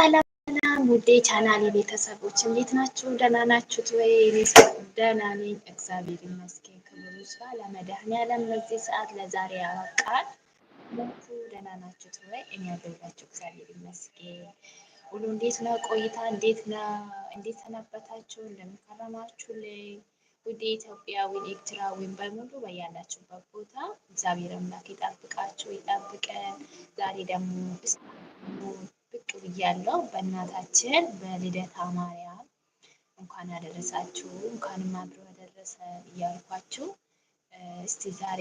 ሰላም ሰላም ውዴ ቻናል ቤተሰቦች እንዴት ናችሁ? ደህና ናችሁት ወይ? እኔ ደህና ነኝ፣ እግዚአብሔር ይመስገን። ክብሩ ይስፋ ለመድኃኒዓለም ለዚህ ሰዓት ለዛሬ ያበቃል። ሞቱ ደህና ናችሁት ወይ? እኔ ያደላችሁ እግዚአብሔር ይመስገን። ሁሉ እንዴት ነው? ቆይታ እንዴት ነው? እንዴት ሰነበታችሁ? እንደምከረማችሁልኝ ውዴ ኢትዮጵያዊ ኤርትራዊን በሙሉ በያላችሁበት ቦታ እግዚአብሔር አምላክ ይጠብቃችሁ፣ ይጠብቀን። ዛሬ ደግሞ ብያለሁ። በእናታችን በልደታ ማርያም እንኳን አደረሳችሁ፣ እንኳንም አብሮ አደረሰ እያልኳችሁ እስቲ ዛሬ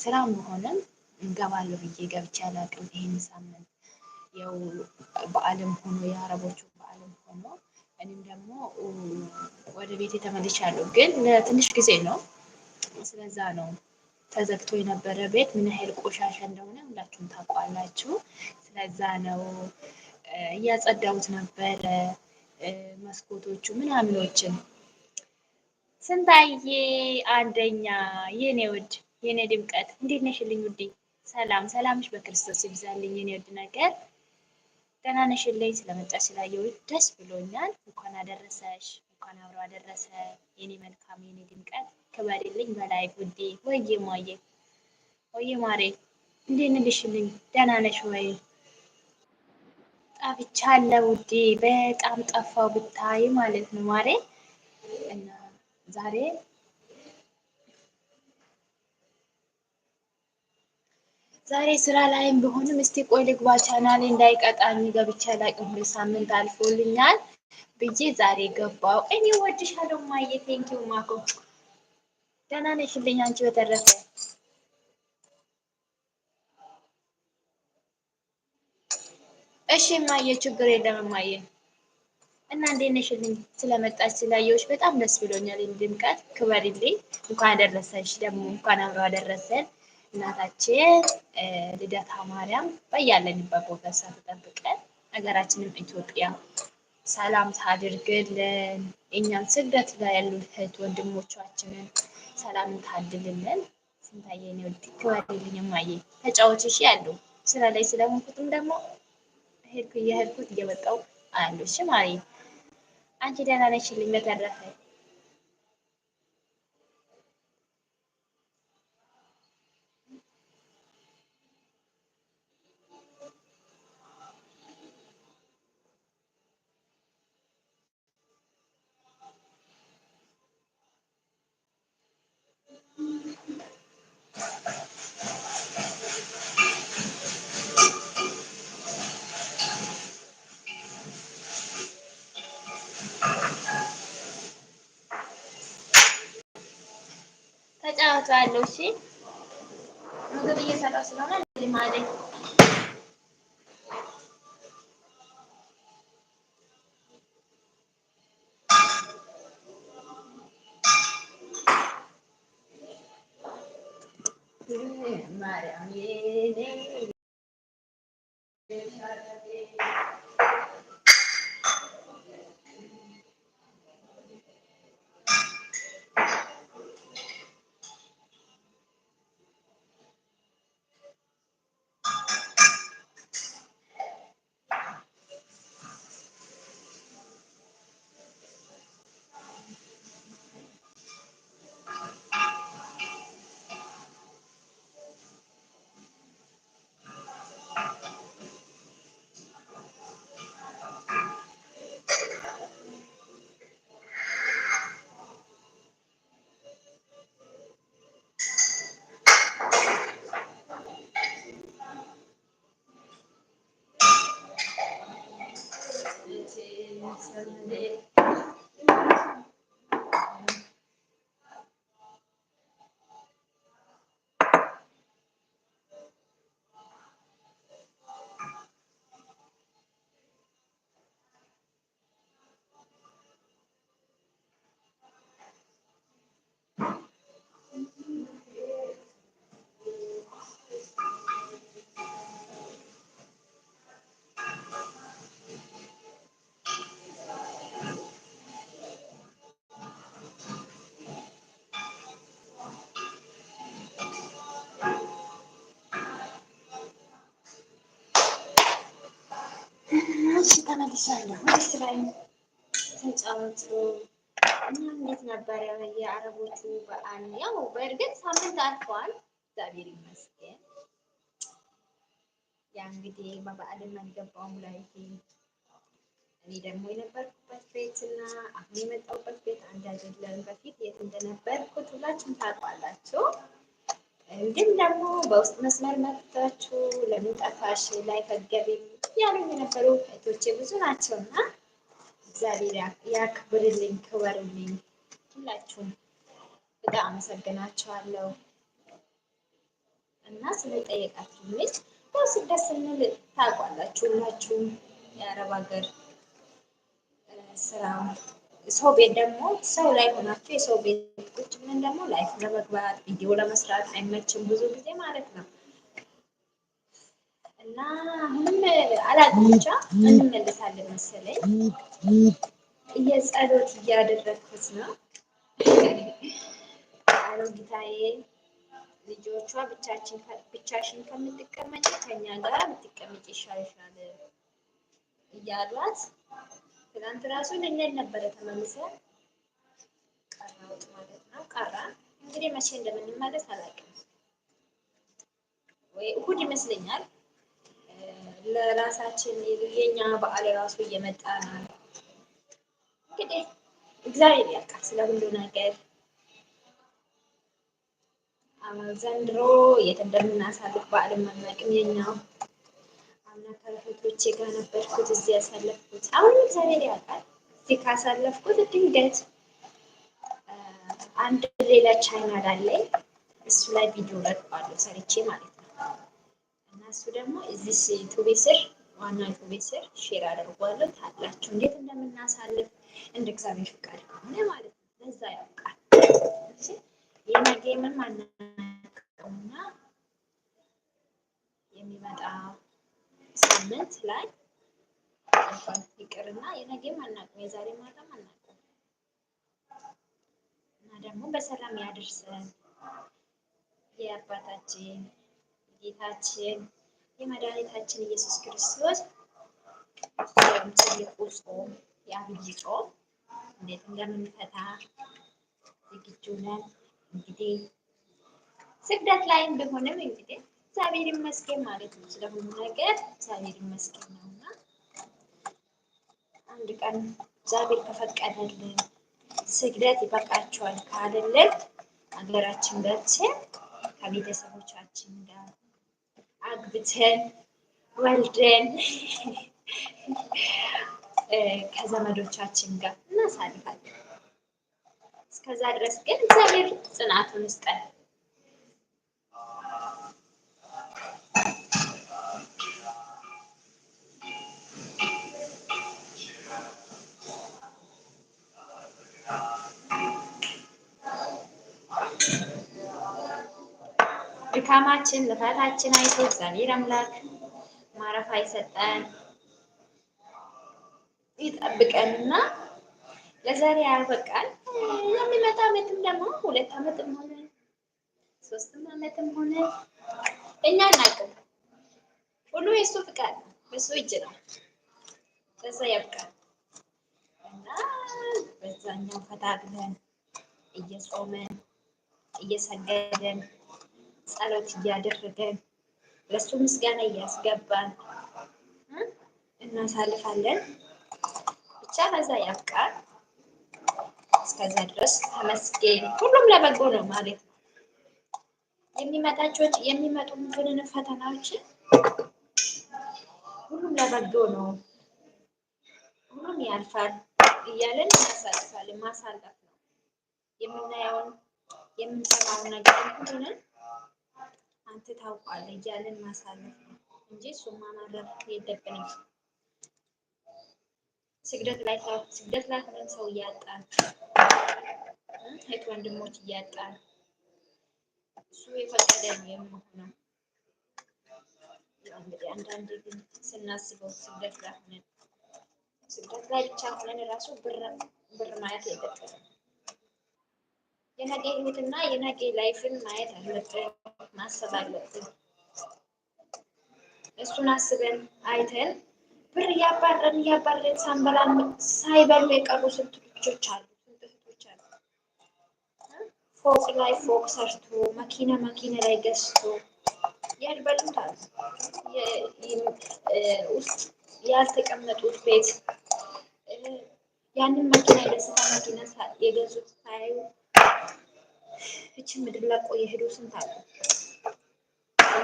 ስራ ሆነም እንገባለሁ ብዬ ገብቼ አላቅም። ይህን ሳምንት ያው በዓልም ሆኖ የአረቦቹ በዓልም ሆኖ እኔም ደግሞ ወደ ቤት የተመልሻለሁ፣ ግን ለትንሽ ጊዜ ነው። ስለዛ ነው ተዘግቶ የነበረ ቤት ምን ያህል ቆሻሻ እንደሆነ ሁላችሁም ታውቋላችሁ። ስለዛ ነው እያጸዳሁት ነበረ መስኮቶቹ ምናምኖችን። ስንታዬ አንደኛ የኔ ውድ የኔ ድምቀት እንዴት ነሽልኝ ውዴ? ሰላም ሰላምሽ በክርስቶስ ይብዛልኝ የኔ ውድ ነገር ደህና ነሽልኝ። ስለመጣሽ ስላየው ደስ ብሎኛል። እንኳን አደረሰሽ፣ እንኳን አብሮ አደረሰ የኔ መልካም የኔ ድምቀት። ክበሪልኝ በላይ ውዴ። ወይዬ ማየ ወይዬ ማሬ እንዴት ንልሽልኝ? ደህና ነሽ ወይ? ጠፍቻለሁ ውዴ፣ በጣም ጠፋው ብታይ ማለት ነው ማሬ። እና ዛሬ ዛሬ ስራ ላይም ብሆንም እስቲ ቆይ ልግባ ቻናል እንዳይቀጣኝ ገብቼ ላቅ ሁለት ሳምንት አልፎልኛል ብዬ ዛሬ ገባው። እኔ ወድሻለሁ ማየ፣ ቴንኪው ማኮ። ደህና ነሽልኝ አንቺ በተረፈ እሺ እማዬ ችግር የለም እማዬ። እና እንዴት ነሽልኝ? ስለመጣች ስላየሁሽ በጣም ደስ ብሎኛል። ድምቀት ክበሪልኝ። እንኳን አደረሰሽ ደግሞ እንኳን አብሮ አደረሰን። እናታችን ልደታ ማርያም በያለንበት ቦታ ሳትጠብቀን ሀገራችንም ኢትዮጵያ ሰላም ታድርግልን። እኛም ስደት ላይ ያሉ እህት ወንድሞቻችንን ሰላም ታድልልን። ስንታየን ወድ ክበሪልኝ ማየ ተጫዋቾች ያሉ ስራ ላይ ስለሆንኩትም ደግሞ ሄድኩ እየሄድኩት እየመጣሁ አያለሁ። እሺ አንቺ ደህና ነሽልኝ በተረፈ não No te digas a Barcelona, mi madre. Mm, madre, Yes, ተመልሻለሁ። ወደ ስራዬ ተጫወቱ እና እንዴት ነበረ የአረቦቹ በዓል? ያው በእርግጥ ሳምንት አልፈዋል። እግዚአብሔር ይመስገን። ያ እንግዲህ በበዓልም አልገባውም ላይ እኔ ደግሞ የነበርኩበት ቤት እና አሁን የመጣሁበት ቤት አንድ አይደለም። በፊት የት እንደነበርኩት ሁላችሁም ታውቋላችሁ። ግን ደግሞ በውስጥ መስመር መጥታችሁ ለምን ጠፋሽ ላይ ከገቢም ያሉኝ የነበሩ እህቶቼ ብዙ ናቸው እና እግዚአብሔር ያክብርልኝ፣ ክበርልኝ። ሁላችሁም በጣም አመሰግናችኋለሁ እና ስለጠየቃችሁ ልጅ ያው ስደት ስንል ታውቋላችሁ ሁላችሁም የአረብ ሀገር ስራ ሰው ቤት ደግሞ ሰው ላይ ሆናቸው የሰው ቤት ቁጭ ብለን ደግሞ ላይፍ ለመግባት ቪዲዮ ለመስራት አይመችም ብዙ ጊዜ ማለት ነው። እና አሁንም አላውቅም ብቻ እንመለሳለን መሰለኝ። እየጸሎት እያደረግኩት ነው። አሮ ጌታዬ ልጆቿ ብቻሽን ከምትቀመጭ ከኛ ጋር ብትቀመጭ ይሻልሻል እያሏት ትናንት ራሱ ልንል ነበረ ተመልሶ ቀራውት ማለት ነው። ቀራ እንግዲህ መቼ እንደምንመለስ አላውቅም። ወይ እሁድ ይመስለኛል። ለራሳችን የኛ በዓል ራሱ እየመጣ ነው። እንግዲህ እግዚአብሔር ያውቃል ስለ ሁሉ ነገር። ዘንድሮ የት እንደምናሳልፍ በዓልን መመቅም የኛው እና ከእህቶቼ ጋር ነበርኩት እዚህ ያሳለፍኩት። አሁን እግዚአብሔር ያውቃል እዚህ ካሳለፍኩት ድንገት አንድ ሌላ ቻይና አለኝ እሱ ላይ ቪዲዮ ለቀዋለሁ ሰርቼ ማለት ነው። እና እሱ ደግሞ እዚህ ቱቤ ስር ዋና ቱቤ ስር ሼር አደርጓለሁ። ታላችሁ እንዴት እንደምናሳልፍ እንደ እግዚአብሔር ፍቃድ ከሆነ ማለት ነው። በዛ ያውቃል የነገ ምን ማናቀውና የሚመጣ ሳምንት ላይ እንኳን ይቅርና የነገም አናውቅም የዛሬ ማታም አናውቅም እና ደግሞ በሰላም ያደርሰን የአባታችን ጌታችን የመድኃኒታችን ኢየሱስ ክርስቶስ ትልቁ ጾም የአብይ ጾም እንዴት እንደምንፈታ ዝግጁ ነን። እንግዲህ ስግደት ላይም ቢሆንም እንግዲህ እግዚአብሔር ይመስገን ማለት ነው። ስለሁሉ ነገር እግዚአብሔር ይመስገን ነው እና አንድ ቀን እግዚአብሔር ከፈቀደልን ስግደት ይበቃቸዋል ካለልን ሀገራችን ገብተን ከቤተሰቦቻችን ጋር አግብተን ወልደን ከዘመዶቻችን ጋር እናሳልፋለን። እስከዛ ድረስ ግን እግዚአብሔር ጽናቱን ይስጠን። ድካማችን ልፋታችን አይቶ እግዚአብሔር አምላክ ማረፍ አይሰጠን ይጠብቀንና ለዛሬ ያበቃል። የሚመጣ ዓመትም ደግሞ ሁለት ዓመትም ሆነ ሶስትም ዓመትም ሆነ እኛ እናቅም ሁሉ የእሱ ፍቃድ በሱ እጅ ነው። ለዛ ያብቃል እና በዛኛው ፈታ ብለን እየጾመን እየሰገደን ጸሎት እያደረገን ለእሱ ምስጋና እያስገባን እናሳልፋለን። ብቻ በዛ ያብቃል። እስከዛ ድረስ ተመስገን። ሁሉም ለበጎ ነው ማለት ነው። የሚመጣቸው የሚመጡ ምንን ፈተናዎችን ሁሉም ለበጎ ነው፣ ሁሉም ያልፋል እያለን እናሳልፋለን። ማሳለፍ ነው የምናየውን የምንሰማውን ነገር ሁሉንም አንተ ታውቃለህ እያለን ማሳለፍ ነው እንጂ እሱማ ማረፍ የለብንም። ስግደት ላይ ስግደት ላይ ሆነን ሰው እያጣን እህት ወንድሞች እያጣን እሱ የፈቀደ ነው የምሆነው። እንግዲህ አንዳንድ ግን ስናስበው ስግደት ላይ ሆነን ስግደት ላይ ብቻ ሆነን ራሱ ብር ብር ማየት የለብንም። የነገ ህይወትና የነገ ላይፍን ማየት አለብን። ማሰብ አለብን። እሱን አስበን አይተን ብር እያባረን እያባረን ሳንበላ ሳይበሉ የቀሩ ስንት ልጆች አሉ፣ ስንት እህቶች አሉ። ፎቅ ላይ ፎቅ ሰርቶ መኪና መኪና ላይ ገዝቶ ያልበሉት ውስጥ ያልተቀመጡት ቤት ያንን መኪና የደስታ መኪና የገዙት ሳያዩ እችን ምድር ለቆ የሄዱ ስንት አሉ።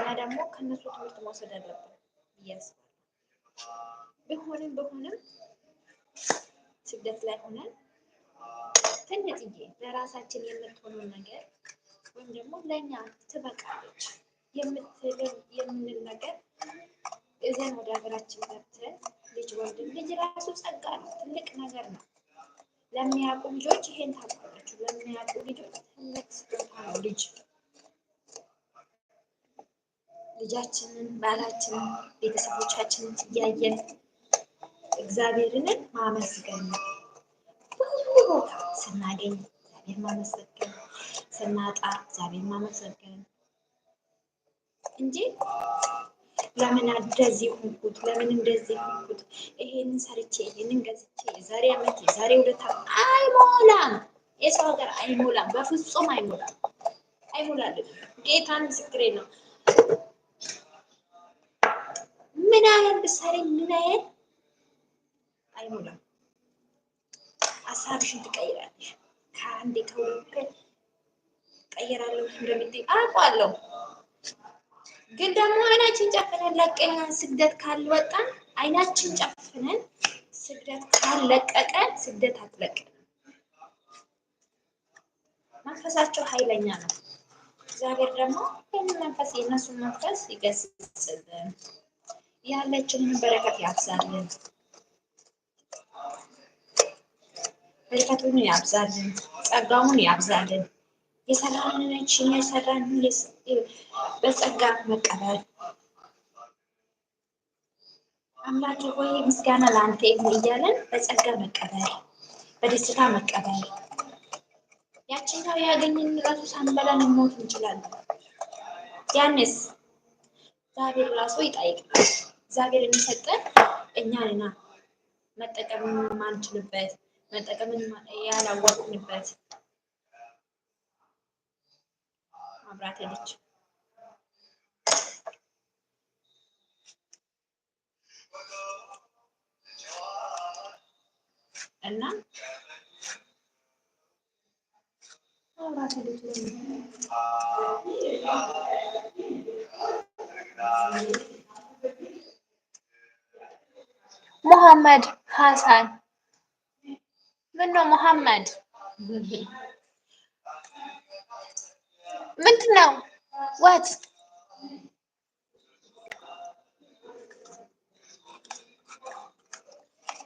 እኛ ደግሞ ከነሱ ትምህርት መውሰድ አለብን ብዬ አስባለሁ። ቢሆንም ቢሆንም ስደት ላይ ሆነን ትንጥዬ ለራሳችን የምትሆነው ነገር ወይም ደግሞ ለእኛ ትበቃለች የምንል ነገር እዚያን ወደ ሀገራችን ገብተን ልጅ ወልድን ልጅ ራሱ ጸጋ ነው፣ ትልቅ ነገር ነው። ለሚያውቁ ልጆች ይሄን ታውቃላችሁ። ለሚያውቁ ልጆች ትልቅ ስጦታ ነው ልጅ ልጃችንን፣ ባላችንን፣ ቤተሰቦቻችንን እያየን እግዚአብሔርን ማመስገን ነው። በሁሉ ቦታ ስናገኝ እግዚአብሔር ማመስገን፣ ስናጣ እግዚአብሔር ማመስገን እንጂ ለምን እንደዚህ ሆንኩት፣ ለምን እንደዚህ ሆንኩት፣ ይሄንን ሰርቼ፣ ይሄንን ገዝቼ፣ የዛሬ ዓመት፣ የዛሬ ሁለት አይሞላም። የሰው ሀገር አይሞላም፣ በፍጹም አይሞላም። አይሞላልም። ጌታን ምስክሬ ነው። ምን አይነት ምሳሌ ምን አይነት አይሞላም። ሀሳብሽን ትቀይራለሽ። ከአንዴ ከሁለት ቀን ቀይራለሁ እንደምትይ አውቃለሁ። ግን ደግሞ አይናችን ጨፍነን ለቀኛ ስግደት ካልወጣን አይናችን ጨፍነን ስግደት ካልለቀቀን ስግደት አትለቀን። መንፈሳቸው ኃይለኛ ነው። እግዚአብሔር ደግሞ ይህን መንፈስ የእነሱን መንፈስ ይገስጽልን። ያለችንን በረከት ያብዛልን፣ በረከቱን ያብዛልን፣ ጸጋውን ያብዛልን። የሰራንችን የሰራን በጸጋ መቀበል አምላኬ ወይ ምስጋና ለአንተ ይሁን እያለን በጸጋ መቀበል፣ በደስታ መቀበል። ያችኛው ያገኘን ራሱ ሳንበላን ሞት እንችላለን። ያንስ እግዚአብሔር ራሱ ይጠይቃል። እግዚአብሔር የሚሰጠን እኛ ነና መጠቀም የማንችልበት መጠቀምን ያላወቅንበት ማብራት ሄደች። እና ማብራት ሄደች። ሙሐመድ ሀሳን ምን ነው ሙሐመድ ምንድን ነው ወት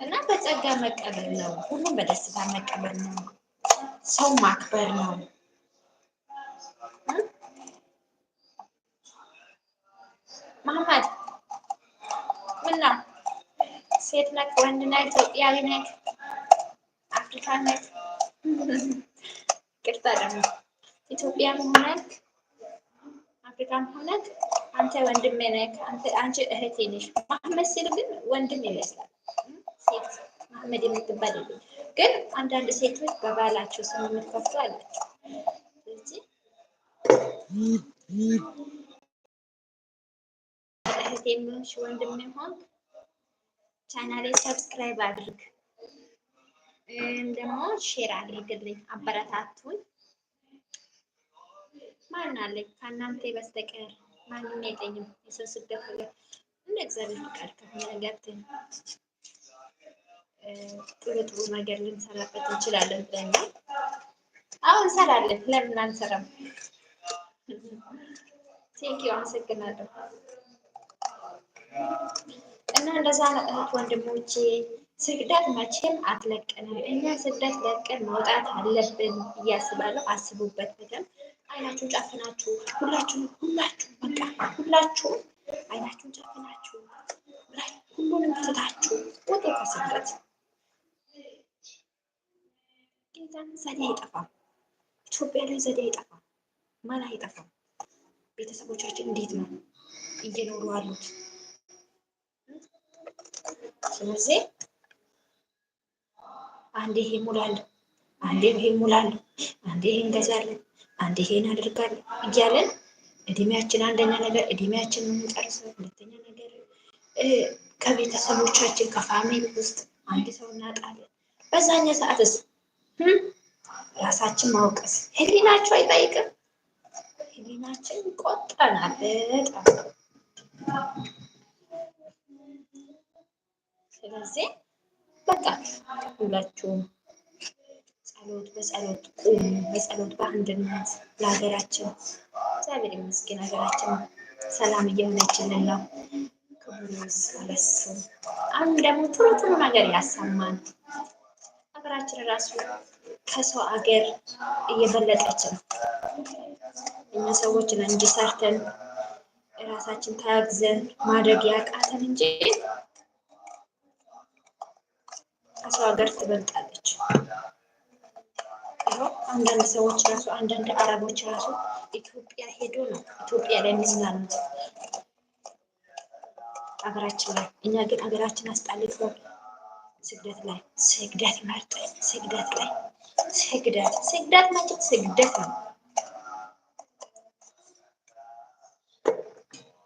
እና በጸጋ መቀበል ነው። ሁሉም በደስታ መቀበል ነው። ሰው ማክበር ነው። መሐመድ ምን ነው ሴት ነክ፣ ወንድ ነክ፣ ኢትዮጵያዊ ነክ፣ አፍሪካ ነክ፣ ቅርታ ደግሞ ኢትዮጵያም ሆነክ አፍሪካም ሆነክ አንተ ወንድሜ ነክ፣ አንቺ እህቴ ነሽ። ማህመድ ሲል ግን ወንድም ይመስላል ሴት ማህመድ የምትባል ግን አንዳንድ ሴቶች በባላቸው ስም የምትከፍቱ አላቸው። ስለዚህ እህቴ ሆንሽ ወንድሜ ሆንክ ቻናሌ ሰብስክራይብ አድርግ፣ ደግሞ ሼር አድርግልኝ፣ አበረታቱኝ። ማን አለ ከእናንተ በስተቀር ማንም የለኝም። የሰው ስደት ነገር እንደ እግዚአብሔር ፍቃድ ከሆነ ገብተን ጥሩ ጥሩ ነገር ልንሰራበት እንችላለን ብለናል። አሁን እንሰራለን፣ ለምን አንሰራም? ቴንኪው፣ አመሰግናለሁ። እና እንደዛ ነው እህት ወንድሞቼ፣ ስግደት መቼም አትለቅንም። እኛ ስግደት ለቅን መውጣት አለብን እያስባለሁ። አስቡበት በደምብ አይናችሁን ጨፍናችሁ ሁላችሁም ሁላችሁም በቃ ሁላችሁም አይናችሁን ጨፍናችሁ ሁሉንም ትታችሁ ወጥ ከስግደት። ጌታን ዘዴ አይጠፋም። ኢትዮጵያ ላይ ዘዴ አይጠፋም። መላ አይጠፋም። ቤተሰቦቻችን እንዴት ነው እየኖሩ አሉት? ስለዚህ አንዴ ይሄ ሙላለሁ፣ አንዴ ይሄ ሙላለሁ፣ አንዴ ይሄ እንገዛለን፣ አንዴ ይሄን አድርጋለን እያለን እድሜያችን አንደኛ ነገር እድሜያችን የምንጨርሰው ሁለተኛ ነገር ከቤተሰቦቻችን ከፋሚሊ ውስጥ አንድ ሰው እናጣለን። በዛኛ ሰዓትስ ራሳችን ማውቀስ ህሊናቸው አይጠይቅም። ህሊናችን ቆጥረናል በጣም ስለዚህ በቃ ሁላችሁም ጸሎት በጸሎት ቁም በጸሎት በአንድነት ለሀገራችን እግዚአብሔር ይመስገን። ሀገራችን ሰላም እየሆነችልን ነው። ክብሩ ይመስገን። አሁን ደግሞ ጥሩ ጥሩ ነገር ያሰማን። ሀገራችን ራሱ ከሰው ሀገር እየበለጠች ነው። እኛ ሰዎች ነን እንጂ ሰርተን ራሳችን ተያግዘን ማድረግ ያቃተን እንጂ ከሰው ሀገር ትበልጣለች። አንዳንድ ሰዎች ራሱ አንዳንድ አረቦች ራሱ ኢትዮጵያ ሄዶ ነው ኢትዮጵያ ላይ የሚዝናኑት ሀገራችን ላይ። እኛ ግን ሀገራችን አስጣልፎን ስግደት ላይ ስግደት መርጠን ስግደት ላይ ስግደት ስግደት ማለት ስግደት ነው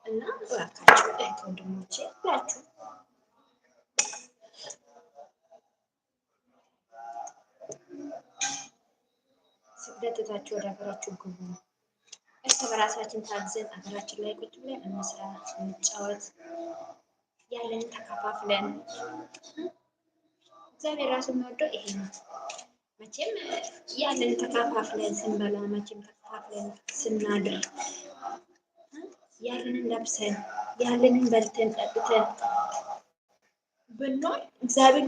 እና እባካችሁ ወንድሞቼ ብላችሁ አስደጥታችሁ ወደ ሀገራችሁ ግቡ። እርስ በራሳችን ታግዘን ሀገራችን ላይ ቁጭ ብለን እንስራ፣ እንጫወት፣ ያለን ተከፋፍለን እግዚአብሔር ራሱ የሚወደው ይሄ ነው። መቼም ያለን ተከፋፍለን ስንበላ፣ መቼም ተከፋፍለን ስናድር፣ ያለንን ለብሰን፣ ያለንን በልተን ጠጥተን ብኖር እግዚአብሔር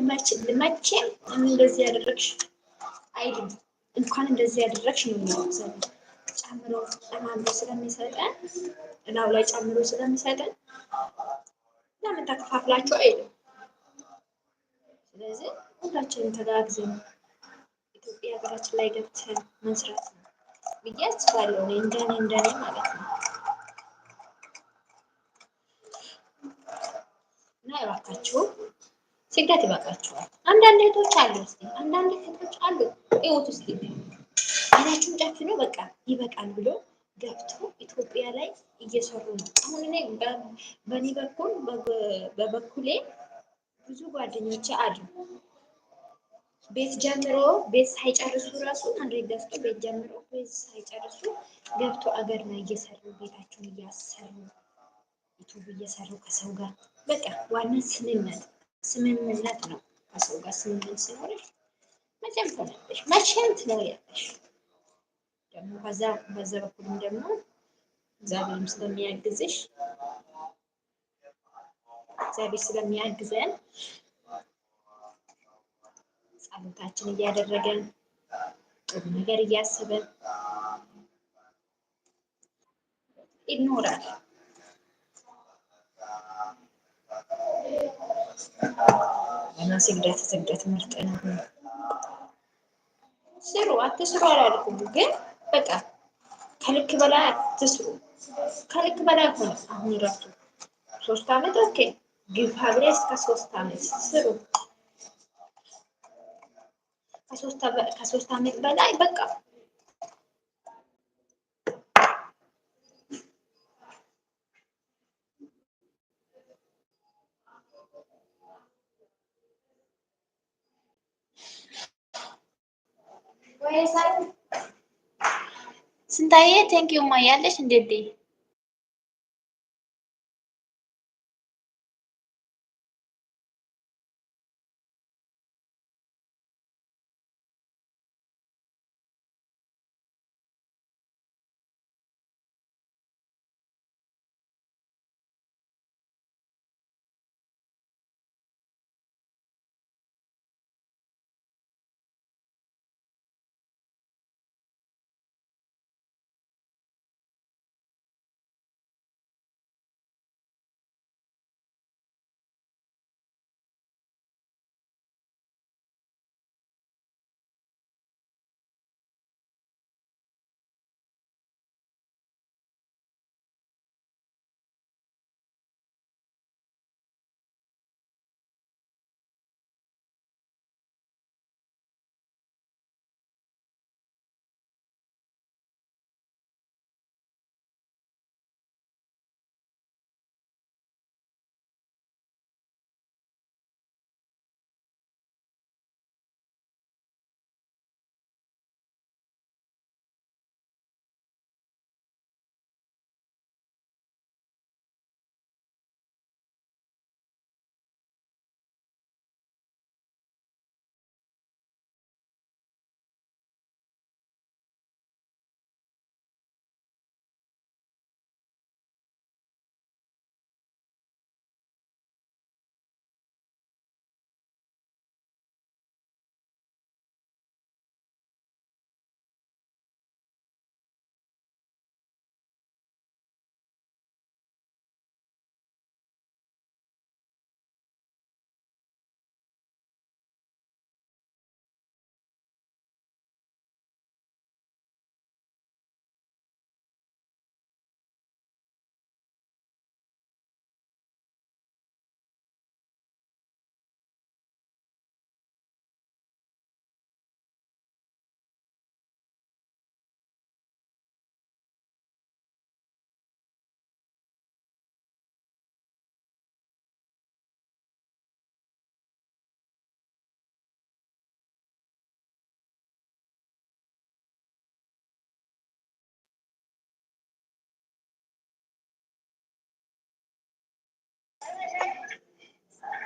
መቼም እንደዚህ ያደረግሽ አይደለም። እንኳን እንደዚህ ያደረግሽ ነው የሚለው ጨምሮ ጨማምሮ ስለሚሰጠን እናው ላይ ጨምሮ ስለሚሰጠን ለምን ተከፋፍላችሁ አይልም። ስለዚህ ሁላችንም ተጋግዘን ኢትዮጵያ ሀገራችን ላይ ገብተን መስራት ነው ብዬ አስባለሁ። እንደኔ እንደኔ ማለት ነው እና እባካችሁ ስደት ይበቃቸዋል። አንዳንድ እህቶች አሉ ስ አንዳንድ እህቶች አሉ ህይወት ይወቱ እስኪ አይናችሁን ነው በቃ ይበቃል ብሎ ገብቶ ኢትዮጵያ ላይ እየሰሩ ነው። አሁን እኔ በእኔ በኩል በበኩሌ ብዙ ጓደኞች አሉ ቤት ጀምሮ ቤት ሳይጨርሱ ራሱ አንድ ገዝቶ ቤት ጀምሮ ቤት ሳይጨርሱ ገብቶ አገር ላይ እየሰሩ ቤታቸውን እያሰሩ ዩቱብ እየሰሩ ከሰው ጋር በቃ ዋና ስንነት ስምምነት ነው። ከሰው ጋር ስምምነት ሲኖርሽ መቼም ትሆናለሽ፣ መቼም ትኖሪያለሽ። ደግሞ ከዛ በዛ በኩልም ደግሞ እግዚአብሔርም ስለሚያግዝሽ እግዚአብሔር ስለሚያግዘን ጸሎታችን እያደረገን ጥሩ ነገር እያሰበን ይኖራል። እና ስግደት ስግደት ምርጥ ነው። ስሩ አትስሩ አላልኩም፣ ግን በቃ ከልክ በላይ አትስሩ። ከልክ በላይ ሆነ። አሁን ረፍቱ ሶስት አመት ኦኬ፣ ግፋ ብለህ እስከ ሶስት አመት ስሩ። ከሶስት አመት በላይ በቃ انت ايه ثانك يو ميا ليش ندير دي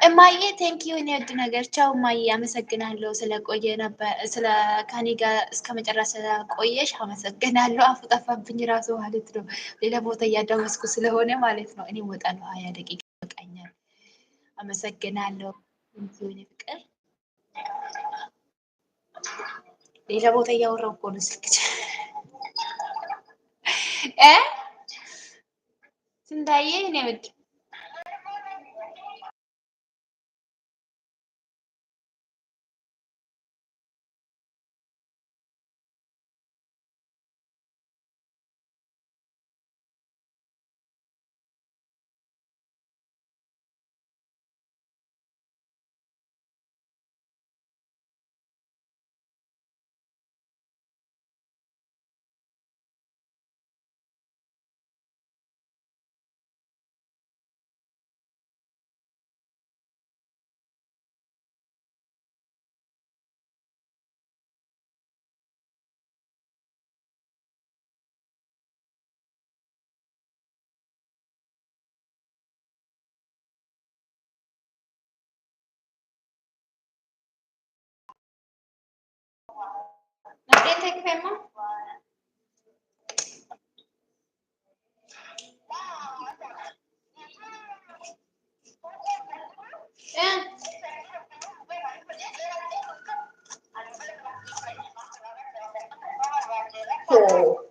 እማዬ ዩ እኔ ወድ ነገር ቻው እማዬ፣ አመሰግናለሁ ስለቆየ ነበር ስለ ከኔ ጋር እስከ መጨረሻ ስለቆየሽ አመሰግናለሁ። አፉ ጠፋብኝ ራሱ ማለት ነው። ሌላ ቦታ እያዳመስኩ ስለሆነ ማለት ነው። እኔ ወጣ ነው ሀያ ደቂቃ ይበቃኛል። አመሰግናለሁ። ፍቅር ሌላ ቦታ እያወራሁ እኮ ነው ስልክ እ ስንታዬ እኔ ወድ Dobrý den, Kvěma. Yeah. Cool.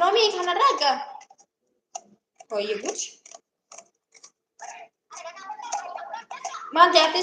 ሎሚ ከመረቀ ወይ ጉድ ማን ያክል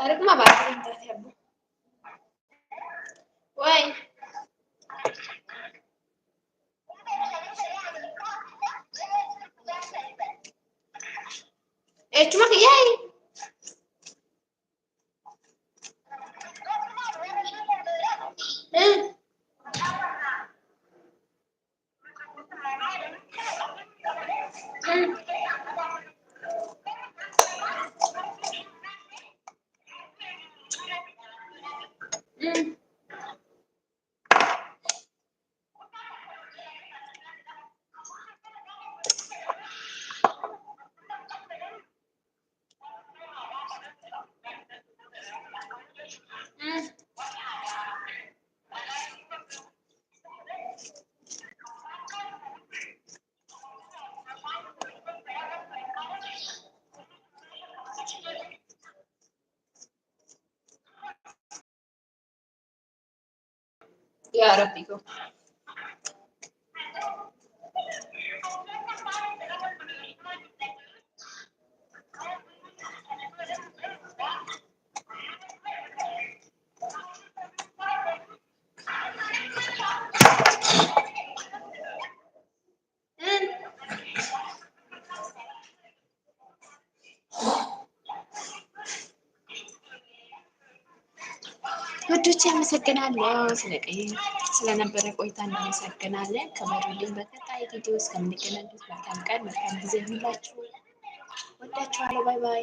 Ma va, diventate a buco. claro, pico. ቤተሰቦች አመሰግናለሁ። ስለቀይ ስለነበረ ቆይታ እናመሰግናለን። ከበሩልን። በቀጣይ ቪዲዮ እስከምንገናኝ መልካም ቀን፣ መልካም ጊዜ ይሁንላችሁ። ወዳችኋለሁ። ባይ ባይ።